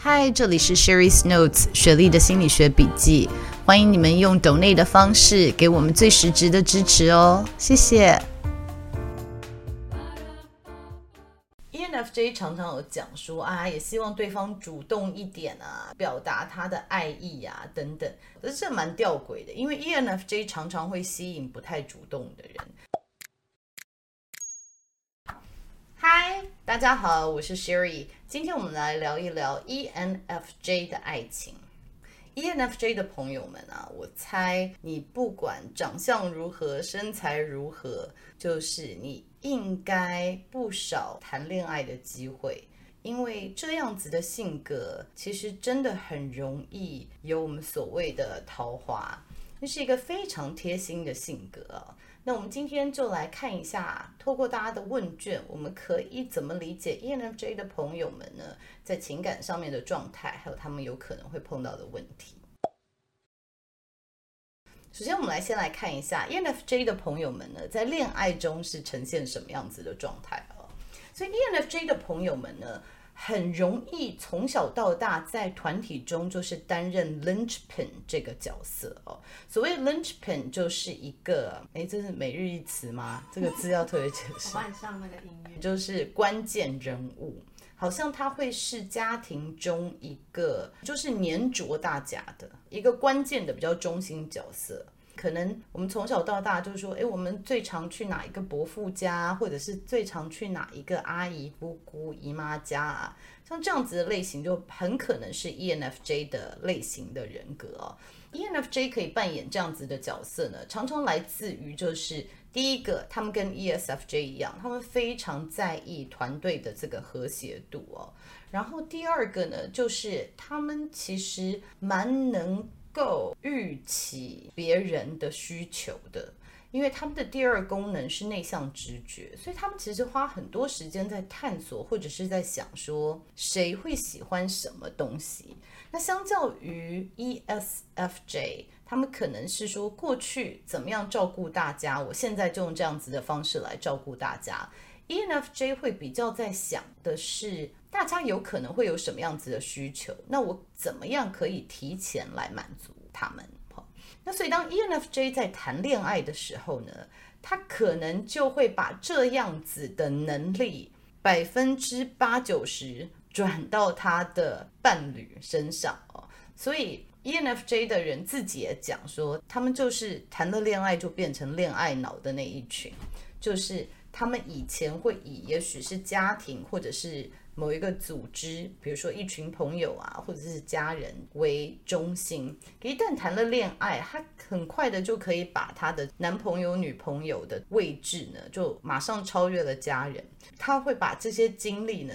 嗨，Hi, 這裡是 Sherry's Notes 雪力的心理學筆記，歡迎你們用 donate 的方式給我們最實質的支持哦，謝謝。ENFJ 常常有講說啊，也希望對方主動一點啊，表達他的愛意呀、啊、等等，可是這蠻吊詭的，因為 ENFJ 常常會吸引不太主動的人。嗨，Hi, 大家好，我是 Sherry。今天我們來聊一聊 ENFJ 的愛情。ENFJ 的朋友們啊，我猜你不管長相如何、身材如何，就是你應該不少談戀愛的機會，因為這樣子的性格其實真的很容易有我們所謂的桃花。那是一個非常貼心的性格啊。那我們今天就來看一下，透過大家的問卷，我們可以怎麼理解 ENFJ 的朋友們呢，在情感上面的狀態，還有他們有可能會碰到的問題。首先，我們來先來看一下 ENFJ 的朋友們呢，在戀愛中是呈現什麼樣子的狀態啊？所以 ENFJ 的朋友們呢，很容易從小到大在團體中就是擔任 linchpin 這個角色哦。所謂 linchpin 就是一個，哎，這是每日一詞嗎？這個字要特別解釋。我上那個音樂，就是關鍵人物，好像他會是家庭中一個就是黏着大家的一個關鍵的比較中心角色。可能我們從小到大就是說，誒，我們最常去哪一個伯父家，或者是最常去哪一個阿姨、姑姑、姨媽家啊？像這樣子的類型，就很可能是 ENFJ 的類型的人格哦。ENFJ 可以扮演這樣子的角色呢，常常來自於就是第一個，他們跟 ESFJ 一樣，他們非常在意團隊的這個和諧度哦。然後第二個呢，就是他們其實蠻能夠預期別人的需求的，因為他們的第二功能是內向直覺，所以他們其實花很多時間在探索，或者是在想說誰會喜歡什麼東西。那相較於 ESFJ，他們可能是說過去怎麼樣照顧大家，我現在就用這樣子的方式來照顧大家。ENFJ 會比較在想的是，大家有可能會有什麼樣子的需求，那我怎麼樣可以提前來滿足他們？那所以，當 ENFJ 在談戀愛的時候呢，他可能就會把這樣子的能力百分之八九十轉到他的伴侶身上哦。所以，ENFJ 的人自己也講說，他們就是談了戀愛就變成戀愛腦的那一群，就是。他們以前會以也許是家庭或者是某一個組織，比如說一群朋友啊，或者是家人為中心。可一旦談了戀愛，他很快的就可以把他的男朋友、女朋友的位置呢，就馬上超越了家人。他會把這些精力呢，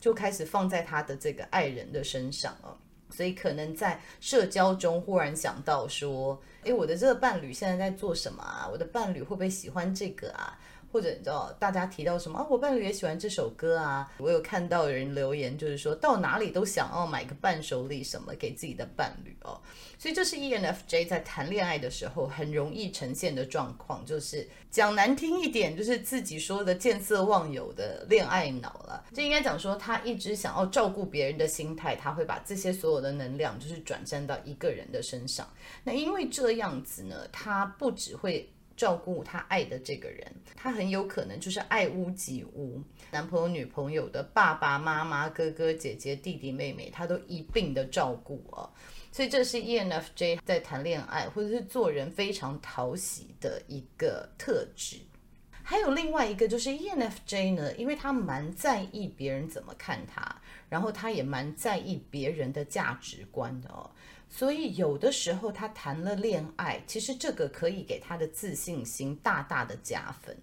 就開始放在他的這個愛人的身上哦，所以可能在社交中忽然想到說：“誒，我的這個伴侶現在在做什麼啊？我的伴侶會不會喜歡這個啊？”或者你知道大家提到什麼啊？我伴侶也喜歡這首歌啊！我有看到有人留言，就是說到哪裡都想要買個伴手禮什麼給自己的伴侶哦。所以這是 ENFJ 在談戀愛的時候很容易呈現的狀況，就是講難聽一點，就是自己說的見色忘友的戀愛腦了。就應該講說他一直想要照顧別人的心態，他會把這些所有的能量就是轉戰到一個人的身上。那因為這樣子呢，他不只會。照顧他愛的這個人，他很有可能就是愛屋及烏，男朋友、女朋友的爸爸媽媽、哥哥姐姐、弟弟妹妹，他都一併的照顧哦。所以這是 ENFJ 在談戀愛或者是做人非常討喜的一個特質。還有另外一個就是 ENFJ 呢，因為他蠻在意別人怎麼看他，然後他也蠻在意別人的價值觀的哦。所以，有的時候他談了戀愛，其實這個可以給他的自信心大大的加分。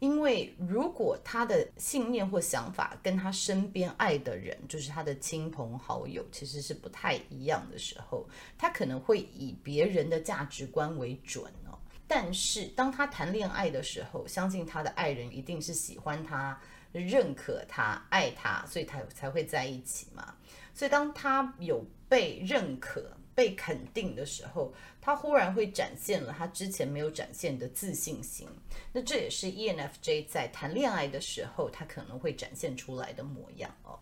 因為如果他的信念或想法跟他身邊愛的人，就是他的親朋好友，其實是不太一樣的時候，他可能會以別人的價值觀為準哦。但是，當他談戀愛的時候，相信他的愛人一定是喜歡他、認可他、愛他，所以他才會在一起嘛。所以，當他有被認可，被肯定的時候，他忽然會展現了他之前沒有展現的自信心。那這也是 ENFJ 在談戀愛的時候，他可能會展現出來的模樣哦。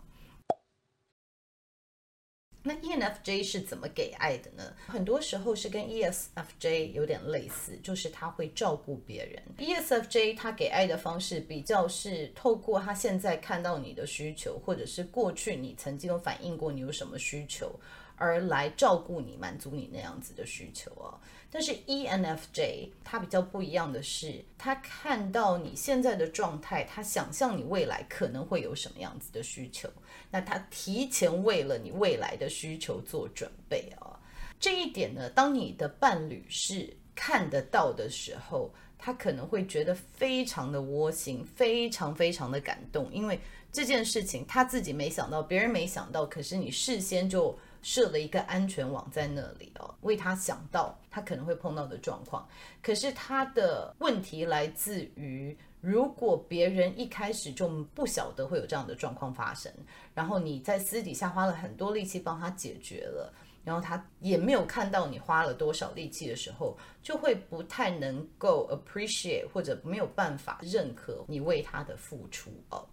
那 ENFJ 是怎麼給愛的呢？很多時候是跟 ESFJ 有點類似，就是他會照顧別人。ESFJ 他給愛的方式比較是透過他現在看到你的需求，或者是過去你曾經有反映過你有什麼需求。而來照顧你，滿足你那樣子的需求哦。但是 ENFJ 他比較不一樣的是，他看到你現在的狀態，他想象你未來可能會有什麼樣子的需求，那他提前為了你未來的需求做準備哦。這一點呢，當你的伴侶是看得到的時候，他可能會覺得非常的窩心，非常非常的感動，因為這件事情他自己沒想到，別人沒想到，可是你事先就。設了一個安全網在那裡哦，為他想到他可能會碰到的狀況。可是他的問題來自於，如果別人一開始就不曉得會有這樣的狀況發生，然後你在私底下花了很多力氣幫他解決了，然後他也沒有看到你花了多少力氣的時候，就會不太能夠 appreciate 或者沒有辦法認可你為他的付出哦。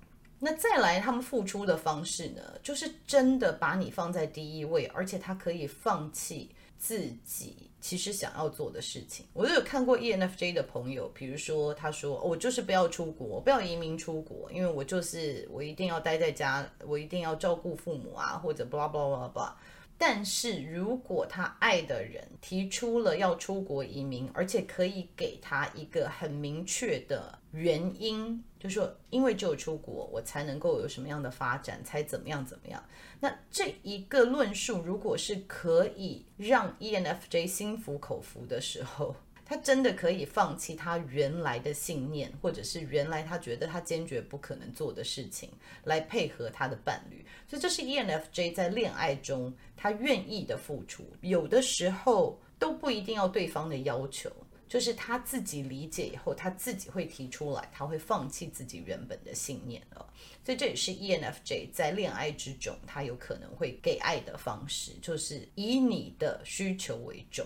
那再來，他們付出的方式呢，就是真的把你放在第一位，而且他可以放棄自己其實想要做的事情。我都有看過 ENFJ 的朋友，比如說他說，哦，我就是不要出國，不要移民出國，因為我就是我一定要待在家，我一定要照顧父母啊，或者 blah blah blah blah blah。但是如果他愛的人提出了要出國移民，而且可以給他一個很明確的原因。就說，因為只有出國，我才能夠有什麼樣的發展，才怎麼樣怎麼樣。那這一個論述，如果是可以讓 ENFJ 心服口服的時候，他真的可以放棄他原來的信念，或者是原來他覺得他堅決不可能做的事情，來配合他的伴侶。所以這是 ENFJ 在戀愛中他願意的付出，有的時候都不一定要對方的要求。就是他自己理解以後，他自己會提出來，他會放棄自己原本的信念了。所以這也是 ENFJ 在戀愛之中，他有可能會給愛的方式，就是以你的需求為重。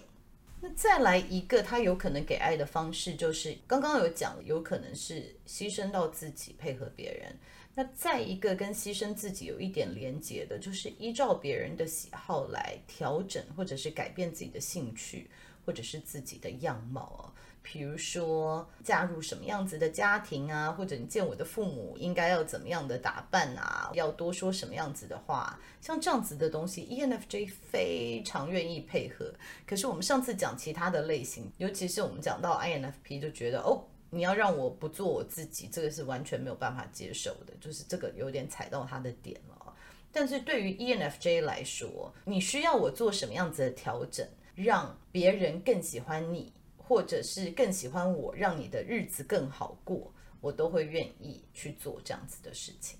那再來一個，他有可能給愛的方式，就是剛剛有講，有可能是犧牲到自己配合別人。那再一個跟犧牲自己有一點連接的，就是依照別人的喜好來調整或者是改變自己的興趣。或者是自己的樣貌哦，比如說嫁入什麼樣子的家庭啊，或者你見我的父母應該要怎麼樣的打扮啊，要多說什麼樣子的話，像這樣子的東西，ENFJ 非常願意配合。可是我們上次講其他的類型，尤其是我們講到 INFP，就覺得哦，你要讓我不做我自己，這個是完全沒有辦法接受的，就是這個有點踩到他的點了哦。但是對於 ENFJ 來說，你需要我做什麼樣子的調整？讓別人更喜歡你，或者是更喜歡我，讓你的日子更好過，我都會願意去做這樣子的事情。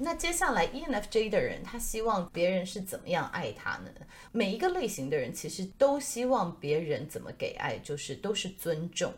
那接下來 ENFJ 的人，他希望別人是怎麼樣愛他呢？每一個類型的人其實都希望別人怎麼給愛，就是都是尊重、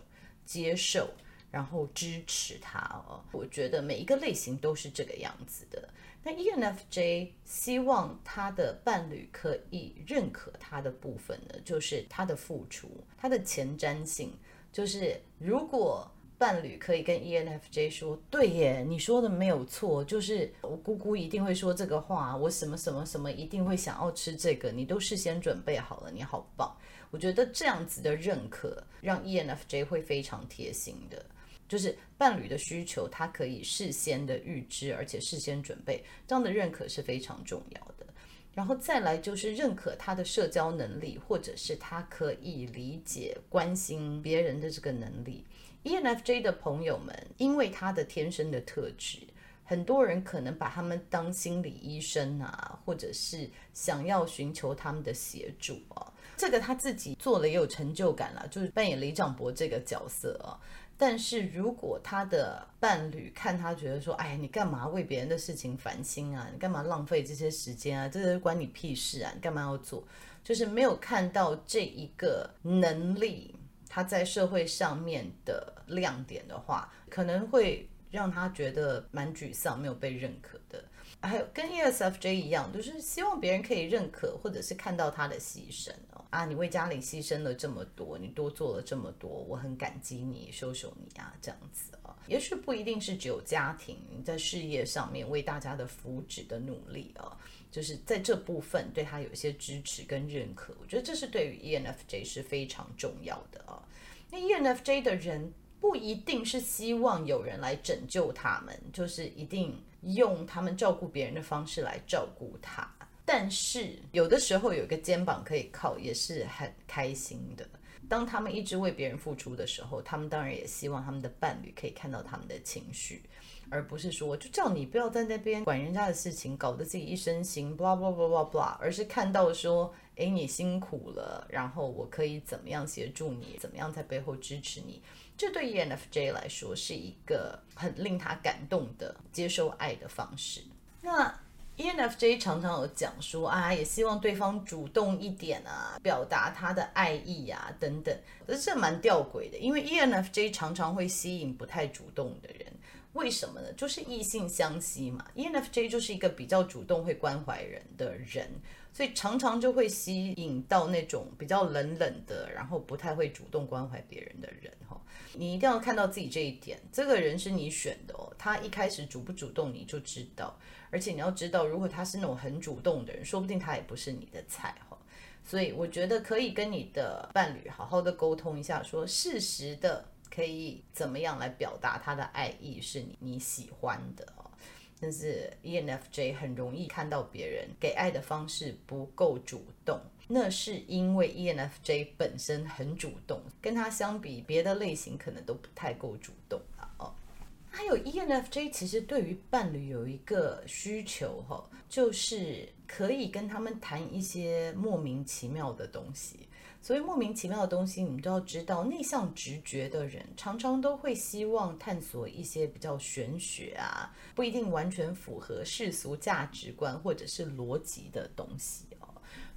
接受，然後支持他哦。我覺得每一個類型都是這個樣子的。那 ENFJ 希望他的伴侶可以認可他的部分呢，就是他的付出，他的前瞻性。就是如果伴侶可以跟 ENFJ 說，對耶，你說的沒有錯，就是我姑姑一定會說這個話，我什麼什麼什麼一定會想要吃這個，你都事先準備好了，你好棒。我覺得這樣子的認可，讓 ENFJ 會非常貼心的。就是伴侶的需求，他可以事先的預知，而且事先準備，這樣的認可是非常重要的。然後再來就是認可他的社交能力，或者是他可以理解、關心別人的這個能力。ENFJ 的朋友們，因為他的天生的特質，很多人可能把他們當心理醫生啊，或者是想要尋求他們的協助啊。這個他自己做了也有成就感了啊，就是扮演里長伯這個角色啊。但是如果他的伴侶看他覺得說，哎，你幹嘛為別人的事情煩心啊？你幹嘛浪費這些時間啊？這是關你屁事啊？你幹嘛要做？就是沒有看到這一個能力他在社會上面的亮點的話，可能會讓他覺得蠻沮喪，沒有被認可的。還有跟 ESFJ 一樣，就是希望別人可以認可，或者是看到他的犧牲。啊，你為家裡犧牲了這麼多，你多做了這麼多，我很感激你，秀秀你啊，這樣子啊、哦，也許不一定是只有家庭，在事業上面為大家的福祉的努力啊、哦，就是在這部分對他有一些支持跟認可，我覺得這是對於 ENFJ 是非常重要的啊、哦。那 ENFJ 的人不一定是希望有人來拯救他們，就是一定用他們照顧別人的方式來照顧他。但是有的時候有一個肩膀可以靠，也是很開心的。當他們一直為別人付出的時候，他們當然也希望他們的伴侶可以看到他們的情緒，而不是說就叫你不要在那邊管人家的事情，搞得自己一身心，blah blah blah blah blah，而是看到說，哎，你辛苦了，然後我可以怎麼樣協助你，怎麼樣在背後支持你，這對 ENFJ 來說是一個很令他感動的接受愛的方式。那。ENFJ 常常有講說啊，也希望對方主動一點啊，表達他的愛意啊等等，這是這蠻弔詭的，因為 ENFJ 常常會吸引不太主動的人。為什麼呢？就是異性相吸嘛。ENFJ 就是一個比較主動會關懷人的人，所以常常就會吸引到那種比較冷冷的，然後不太會主動關懷別人的人哈。你一定要看到自己這一點，這個人是你選的哦。他一開始主不主動你就知道，而且你要知道，如果他是那種很主動的人，說不定他也不是你的菜哈。所以我覺得可以跟你的伴侶好好的溝通一下說，說事實的。可以怎麼樣來表達他的愛意是你你喜歡的哦，但是 ENFJ 很容易看到別人給愛的方式不夠主動，那是因為 ENFJ 本身很主動，跟他相比，別的類型可能都不太夠主動了哦。還有 ENFJ 其實對於伴侶有一個需求哈、哦，就是可以跟他們談一些莫名其妙的東西。所以莫名其妙的東西，你們都要知道。內向直覺的人常常都會希望探索一些比較玄學啊，不一定完全符合世俗價值觀或者是邏輯的東西哦。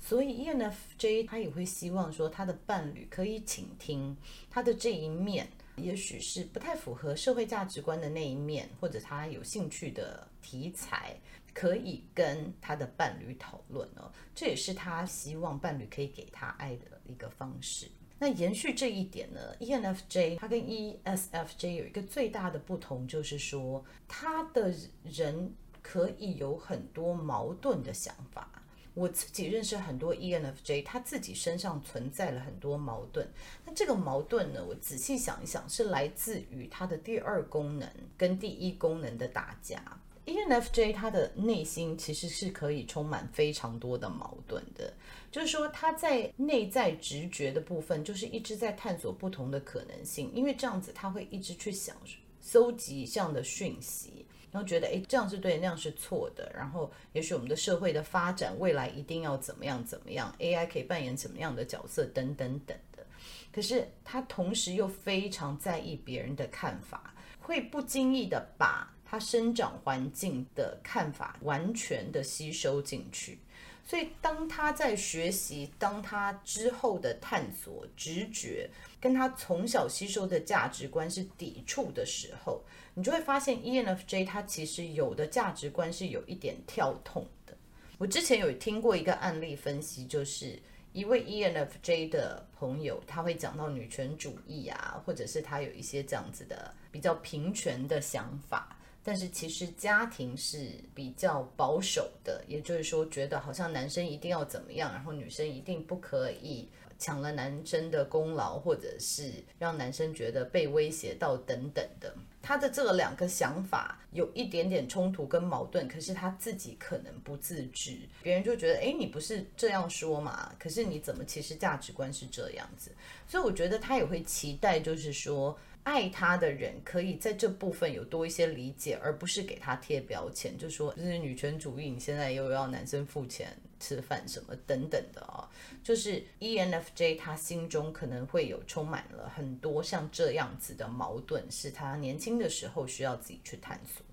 所以 ENFJ 他也會希望說，他的伴侶可以傾聽他的這一面，也許是不太符合社會價值觀的那一面，或者他有興趣的題材，可以跟他的伴侶討論哦。這也是他希望伴侶可以給他愛的。一個方式，那延續這一點呢，ENFJ 它跟 ESFJ 有一個最大的不同，就是說他的人可以有很多矛盾的想法。我自己認識很多 ENFJ，他自己身上存在了很多矛盾。那這個矛盾呢，我仔細想一想，是來自於他的第二功能跟第一功能的打架。ENFJ 他的內心其實是可以充滿非常多的矛盾的。就是說，他在內在直覺的部分，就是一直在探索不同的可能性，因為這樣子他會一直去想、搜集這樣的訊息，然後覺得，誒，這樣是對，那樣是錯的。然後，也許我們的社會的發展未來一定要怎麼樣怎麼樣，AI 可以扮演怎麼樣的角色，等等等的。可是他同時又非常在意別人的看法，會不經意的把他生長環境的看法完全的吸收進去。所以，當他在學習，當他之後的探索、直覺跟他從小吸收的價值觀是抵觸的時候，你就會發現，ENFJ 他其實有的價值觀是有一點跳痛的。我之前有聽過一個案例分析，就是一位 ENFJ 的朋友，他會講到女權主義啊，或者是他有一些這樣子的比較平權的想法。但是其實家庭是比較保守的，也就是說，覺得好像男生一定要怎麼樣，然後女生一定不可以搶了男生的功勞，或者是讓男生覺得被威脅到等等的。他的這兩個想法有一點點衝突跟矛盾，可是他自己可能不自知，別人就覺得，誒，你不是這樣說嘛？可是你怎麼其實價值觀是這樣子？所以我覺得他也會期待，就是說。愛他的人可以在這部分有多一些理解，而不是給他貼標籤，就說這是女權主義。你現在又要男生付錢吃飯什麼等等的啊、哦，就是 ENFJ 他心中可能會有充滿了很多像這樣子的矛盾，是他年輕的時候需要自己去探索。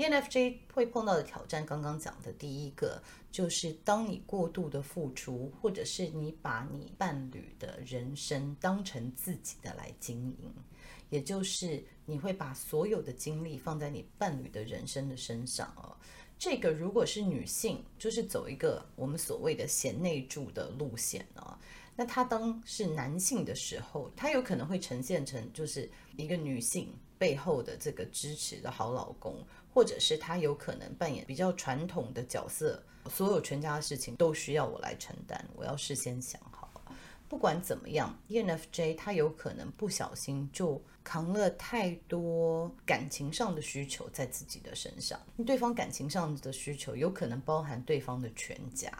ENFJ 會碰到的挑戰，剛剛講的第一個就是，當你過度的付出，或者是你把你伴侶的人生當成自己的來經營，也就是你會把所有的精力放在你伴侶的人生的身上哦。這個如果是女性，就是走一個我們所謂的賢內助的路線哦。那她當是男性的時候，她有可能會呈現成就是一個女性背後的這個支持的好老公。或者是他有可能扮演比較傳統的角色，所有全家的事情都需要我來承擔，我要事先想好。不管怎麼樣，ENFJ 他有可能不小心就扛了太多感情上的需求在自己的身上。對方感情上的需求有可能包含對方的全家，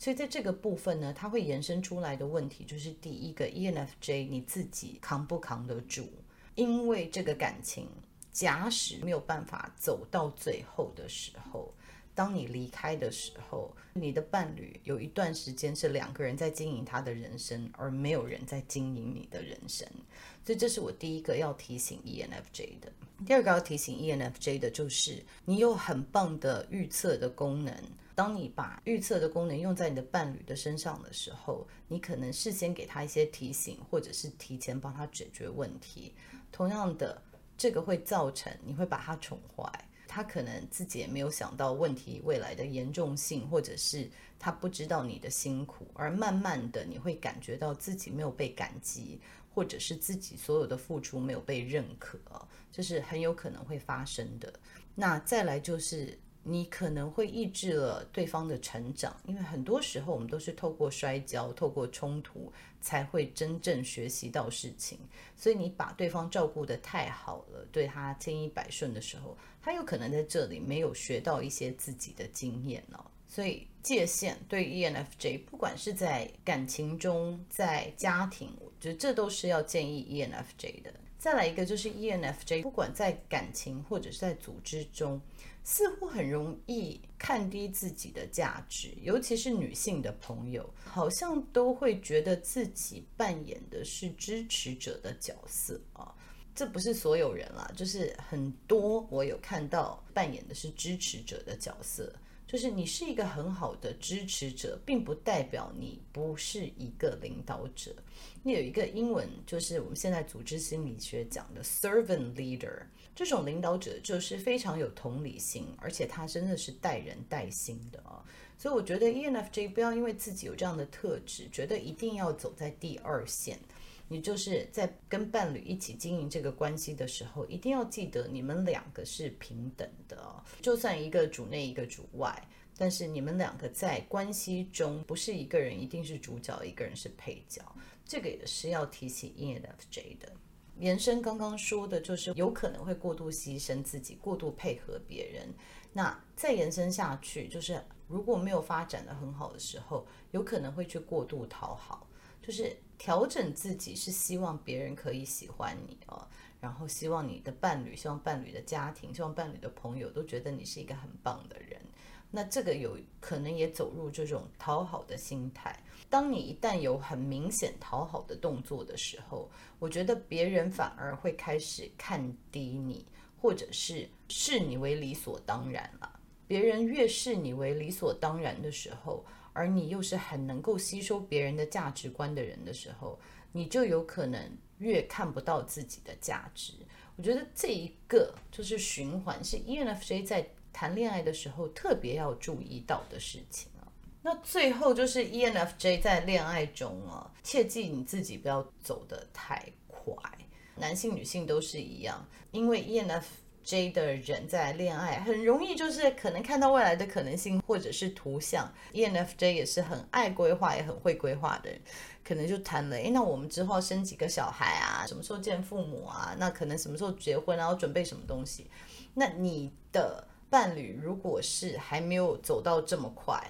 所以在這個部分呢，他會延伸出來的問題就是：第一個，ENFJ 你自己扛不扛得住？因為這個感情。假使沒有辦法走到最後的時候，當你離開的時候，你的伴侶有一段時間是兩個人在經營他的人生，而沒有人在經營你的人生。所以，這是我第一個要提醒 ENFJ 的。第二個要提醒 ENFJ 的就是，你有很棒的預測的功能。當你把預測的功能用在你的伴侶的身上的時候，你可能事先給他一些提醒，或者是提前幫他解決問題。同樣的。這個會造成你會把他寵壞，他可能自己也沒有想到問題未來的嚴重性，或者是他不知道你的辛苦，而慢慢的你會感覺到自己沒有被感激，或者是自己所有的付出沒有被認可，這是很有可能會發生的。那再來就是你可能會抑制了對方的成長，因為很多時候我們都是透過摔跤，透過衝突。才會真正學習到事情，所以你把對方照顧得太好了，對他千依百順的時候，他有可能在這裡沒有學到一些自己的經驗哦。所以界限對 ENFJ，不管是在感情中，在家庭，我覺得這都是要建議 ENFJ 的。再來一個就是 ENFJ，不管在感情或者是在組織中，似乎很容易看低自己的價值，尤其是女性的朋友，好像都會覺得自己扮演的是支持者的角色啊。這不是所有人啦，就是很多我有看到扮演的是支持者的角色。就是你是一個很好的支持者，並不代表你不是一個領導者。你有一個英文，就是我們現在組織心理學講的 servant leader，這種領導者就是非常有同理心，而且他真的是帶人帶心的啊、哦。所以我覺得 ENFJ 不要因為自己有這樣的特質，覺得一定要走在第二線。你就是在跟伴侶一起經營這個關係的時候，一定要記得你們兩個是平等的哦，就算一個主內一個主外，但是你們兩個在關係中不是一個人一定是主角，一個人是配角，這個也是要提醒 ENFJ 的。延伸剛剛說的就是有可能會過度犧牲自己，過度配合別人。那再延伸下去，就是如果沒有發展的很好的時候，有可能會去過度討好。就是調整自己，是希望別人可以喜歡你哦。然後希望你的伴侶、希望伴侶的家庭、希望伴侶的朋友都覺得你是一個很棒的人。那這個有可能也走入這種討好的心態。當你一旦有很明顯討好的動作的時候，我覺得別人反而會開始看低你，或者是視你為理所當然了。別人越視你為理所當然的時候，而你又是很能夠吸收別人的價值觀的人的時候，你就有可能越看不到自己的價值。我覺得這一個就是循環，是 ENFJ 在談戀愛的時候特別要注意到的事情啊。那最後就是 ENFJ 在戀愛中啊，切記你自己不要走得太快，男性女性都是一樣，因為 ENFJ。J 的人在戀愛很容易，就是可能看到未來的可能性，或者是圖像。ENFJ 也是很愛規劃，也很會規劃的人，可能就談了，誒，那我們之後生幾個小孩啊？什麼時候見父母啊？那可能什麼時候結婚啊？要準備什麼東西？那你的伴侶如果是還沒有走到這麼快，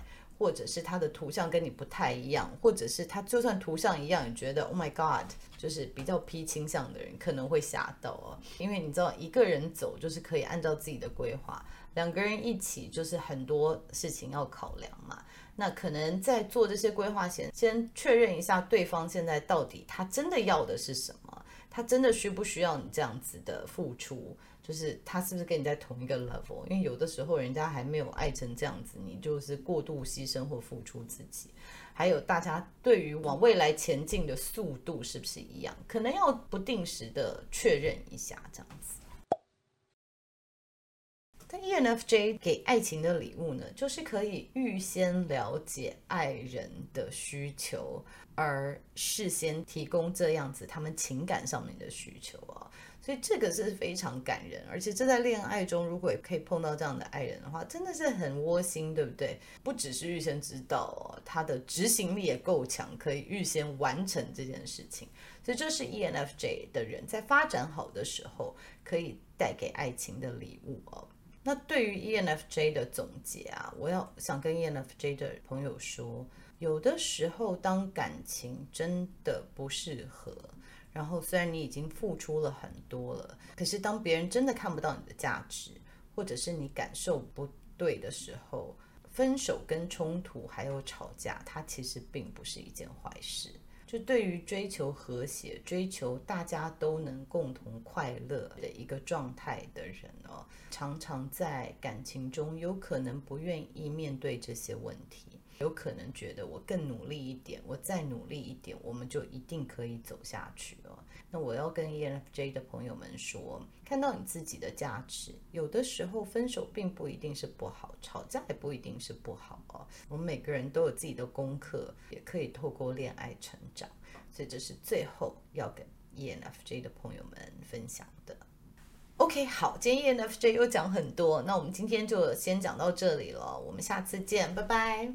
或者是他的圖像跟你不太一樣，或者是他就算圖像一樣，你覺得 Oh my God，就是比較 P 傾向的人可能會嚇到哦。因為你知道一個人走就是可以按照自己的規劃，兩個人一起就是很多事情要考量嘛。那可能在做這些規劃前，先確認一下對方現在到底他真的要的是什麼，他真的需不需要你這樣子的付出。就是他是不是跟你在同一個 level？因為有的時候人家還沒有愛成這樣子，你就是過度犧牲或付出自己。還有大家對於往未來前進的速度是不是一樣？可能要不定時的確認一下這樣子。但 ENFJ 給愛情的禮物呢，就是可以預先了解愛人的需求，而事先提供這樣子他們情感上面的需求啊。所以這個是非常感人，而且在戀愛中，如果也可以碰到這樣的愛人的話，真的是很窩心，對不對？不只是預先知道哦，他的執行力也夠強，可以預先完成這件事情。所以這是 ENFJ 的人在發展好的時候可以帶給愛情的禮物哦。那對於 ENFJ 的總結啊，我要想跟 ENFJ 的朋友說，有的時候當感情真的不適合。然後，雖然你已經付出了很多了，可是當別人真的看不到你的價值，或者是你感受不對的時候，分手跟衝突還有吵架，它其實並不是一件壞事。就對於追求和諧、追求大家都能共同快樂的一個狀態的人哦，常常在感情中有可能不願意面對這些問題。有可能覺得我更努力一點，我再努力一點，我們就一定可以走下去哦。那我要跟 ENFJ 的朋友們說，看到你自己的價值，有的時候分手並不一定是不好，吵架也不一定是不好哦。我們每個人都有自己的功課，也可以透過戀愛成長。所以這是最後要跟 ENFJ 的朋友們分享的。OK，好，今天 ENFJ 又講很多，那我們今天就先講到這裡了，我們下次見，拜拜。